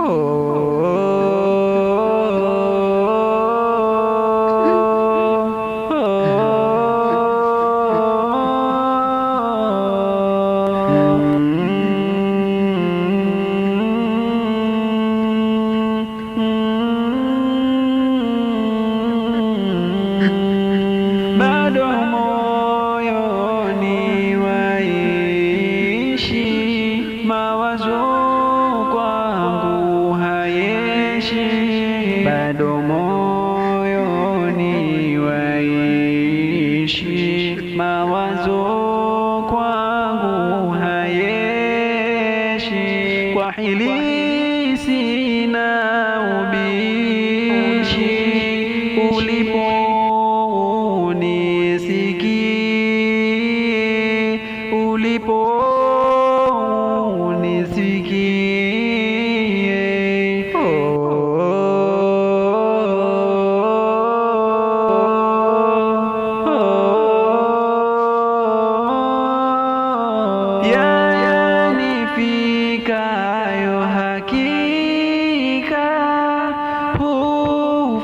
Oh. وحلي سيناك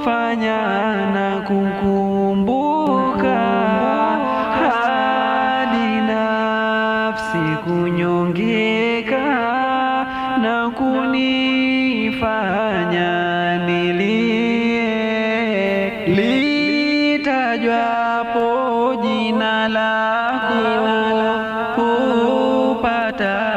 kufanya na kukumbuka hadi nafsi kunyongeka na kunifanya nilie litajwapo jina lako kupata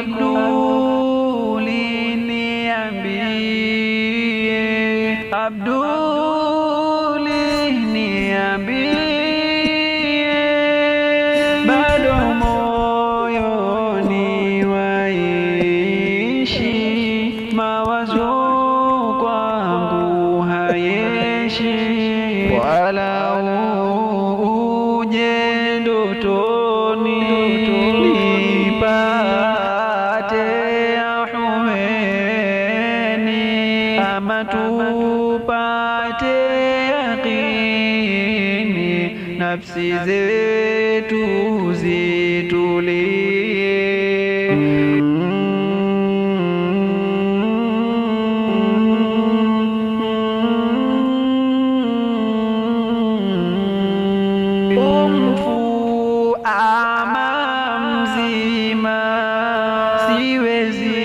Abduli niambie, Abduli niambie, bado moyoni waishi mawazo kama tupate yakini, nafsi zetu zitulie. Umfu ama mzima siwezi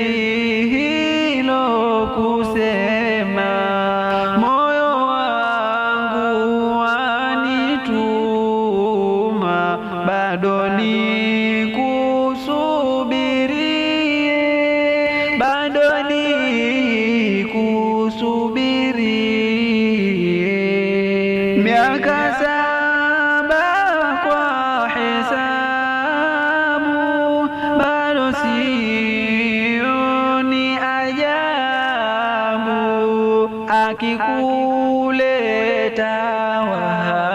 miaka saba kwa hesabu bado sioni ajabu akikuleta waha